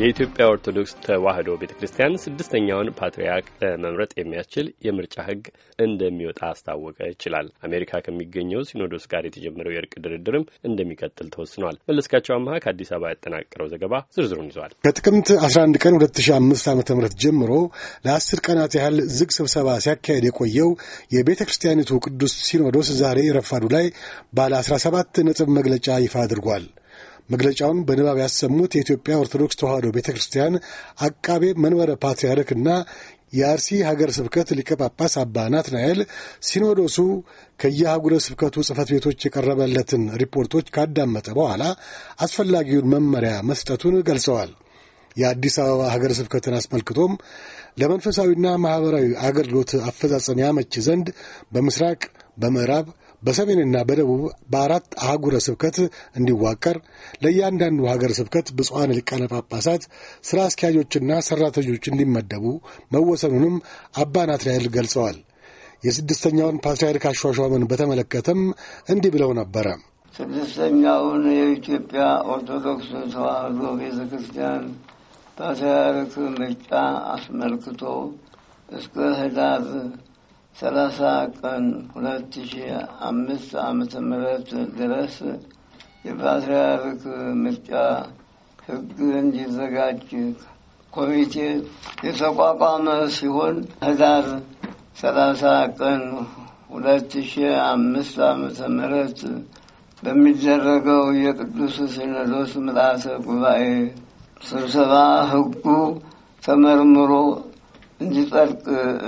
የኢትዮጵያ ኦርቶዶክስ ተዋህዶ ቤተ ክርስቲያን ስድስተኛውን ፓትርያርክ ለመምረጥ የሚያስችል የምርጫ ሕግ እንደሚወጣ አስታወቀ ይችላል። አሜሪካ ከሚገኘው ሲኖዶስ ጋር የተጀመረው የእርቅ ድርድርም እንደሚቀጥል ተወስኗል። መለስካቸው አመሀ ከአዲስ አበባ ያጠናቀረው ዘገባ ዝርዝሩን ይዟል። ከጥቅምት 11 ቀን 2005 ዓ ም ጀምሮ ለአስር ቀናት ያህል ዝግ ስብሰባ ሲያካሄድ የቆየው የቤተ ክርስቲያኒቱ ቅዱስ ሲኖዶስ ዛሬ ረፋዱ ላይ ባለ 17 ነጥብ መግለጫ ይፋ አድርጓል። መግለጫውን በንባብ ያሰሙት የኢትዮጵያ ኦርቶዶክስ ተዋሕዶ ቤተ ክርስቲያን አቃቤ መንበረ ፓትርያርክና የአርሲ ሀገር ስብከት ሊቀ ጳጳስ አባ ናትናኤል ሲኖዶሱ ከየአህጉረ ስብከቱ ጽፈት ቤቶች የቀረበለትን ሪፖርቶች ካዳመጠ በኋላ አስፈላጊውን መመሪያ መስጠቱን ገልጸዋል። የአዲስ አበባ ሀገር ስብከትን አስመልክቶም ለመንፈሳዊና ማኅበራዊ አገልግሎት አፈጻጸም ያመች ዘንድ በምስራቅ፣ በምዕራብ በሰሜንና በደቡብ በአራት አህጉረ ስብከት እንዲዋቀር ለእያንዳንዱ ሀገር ስብከት ብፁዓን ሊቃነ ጳጳሳት፣ ሥራ አስኪያጆችና ሠራተኞች እንዲመደቡ መወሰኑንም አባ ናትናኤል ገልጸዋል። የስድስተኛውን ፓትርያርክ አሿሿምን በተመለከተም እንዲህ ብለው ነበረ። ስድስተኛውን የኢትዮጵያ ኦርቶዶክስ ተዋሕዶ ቤተ ክርስቲያን ፓትርያርክ ምርጫ አስመልክቶ እስከ ህዳር ሰላሳ ቀን ሁለት ሺ አምስት ዓመተ ምህረት ድረስ የፓትርያርክ ምርጫ ህግ እንዲዘጋጅ ኮሚቴ የተቋቋመ ሲሆን ህዳር ሰላሳ ቀን ሁለት ሺ አምስት ዓመተ ምህረት በሚደረገው የቅዱስ ሲኖዶስ ምላሰ ጉባኤ ስብሰባ ህጉ ተመርምሮ እንዲጸድቅ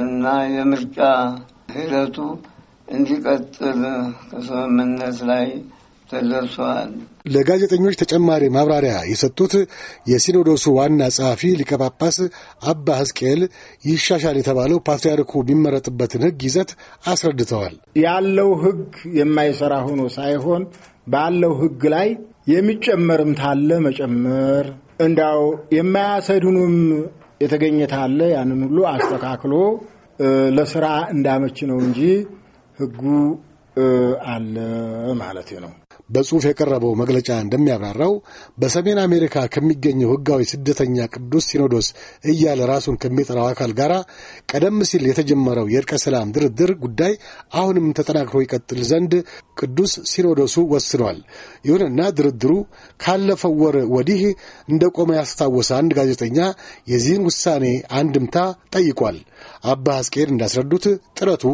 እና የምርጫ ሂደቱ እንዲቀጥል ከስምምነት ላይ ተደርሷል። ለጋዜጠኞች ተጨማሪ ማብራሪያ የሰጡት የሲኖዶሱ ዋና ጸሐፊ ሊቀ ጳጳስ አባ ሕዝቅኤል ይሻሻል የተባለው ፓትርያርኩ የሚመረጥበትን ሕግ ይዘት አስረድተዋል። ያለው ሕግ የማይሰራ ሆኖ ሳይሆን ባለው ሕግ ላይ የሚጨመርም ታለ መጨመር እንዳው የማያሰድኑም የተገኘታለ ያንን ሁሉ አስተካክሎ ለስራ እንዳመች ነው እንጂ ህጉ አለ ማለት ነው። በጽሑፍ የቀረበው መግለጫ እንደሚያብራራው በሰሜን አሜሪካ ከሚገኘው ሕጋዊ ስደተኛ ቅዱስ ሲኖዶስ እያለ ራሱን ከሚጠራው አካል ጋር ቀደም ሲል የተጀመረው የእርቀ ሰላም ድርድር ጉዳይ አሁንም ተጠናክሮ ይቀጥል ዘንድ ቅዱስ ሲኖዶሱ ወስኗል። ይሁንና ድርድሩ ካለፈው ወር ወዲህ እንደቆመ ያስታወሰ አንድ ጋዜጠኛ የዚህን ውሳኔ አንድምታ ጠይቋል። አባ አስቄድ እንዳስረዱት ጥረቱ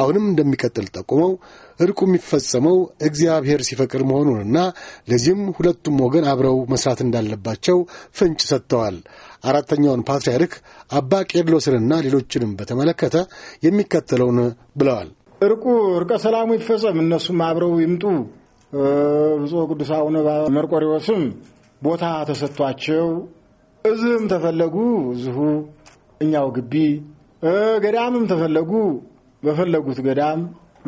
አሁንም እንደሚቀጥል ጠቁመው እርቁ የሚፈጸመው እግዚአብሔር ሲፈቅድ ችግር መሆኑንና ለዚህም ሁለቱም ወገን አብረው መስራት እንዳለባቸው ፍንጭ ሰጥተዋል። አራተኛውን ፓትርያርክ አባ ቄርሎስንና ሌሎችንም በተመለከተ የሚከተለውን ብለዋል። እርቁ እርቀ ሰላሙ ይፈጸም፣ እነሱም አብረው ይምጡ። ብፁዕ ቅዱስ አቡነ መርቆሪዎስም ቦታ ተሰጥቷቸው እዝህም ተፈለጉ እዚሁ እኛው ግቢ ገዳምም ተፈለጉ በፈለጉት ገዳም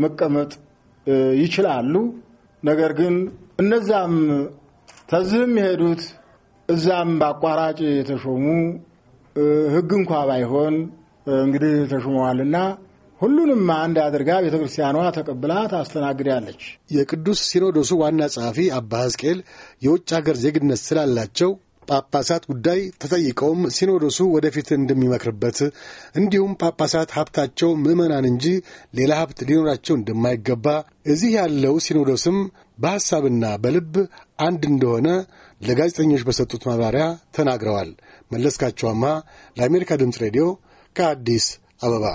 መቀመጥ ይችላሉ። ነገር ግን እነዛም ተዝህም የሄዱት እዛም በአቋራጭ የተሾሙ ህግ እንኳ ባይሆን እንግዲህ ተሾመዋልና ሁሉንም አንድ አድርጋ ቤተ ክርስቲያኗ ተቀብላ ታስተናግዳለች። የቅዱስ ሲኖዶሱ ዋና ጸሐፊ አባ ሕዝቅኤል የውጭ ሀገር ዜግነት ስላላቸው ጳጳሳት ጉዳይ ተጠይቀውም ሲኖዶሱ ወደፊት እንደሚመክርበት እንዲሁም ጳጳሳት ሀብታቸው ምዕመናን እንጂ ሌላ ሀብት ሊኖራቸው እንደማይገባ እዚህ ያለው ሲኖዶስም በሐሳብና በልብ አንድ እንደሆነ ለጋዜጠኞች በሰጡት ማብራሪያ ተናግረዋል። መለስካቸዋማ ለአሜሪካ ድምፅ ሬዲዮ ከአዲስ አበባ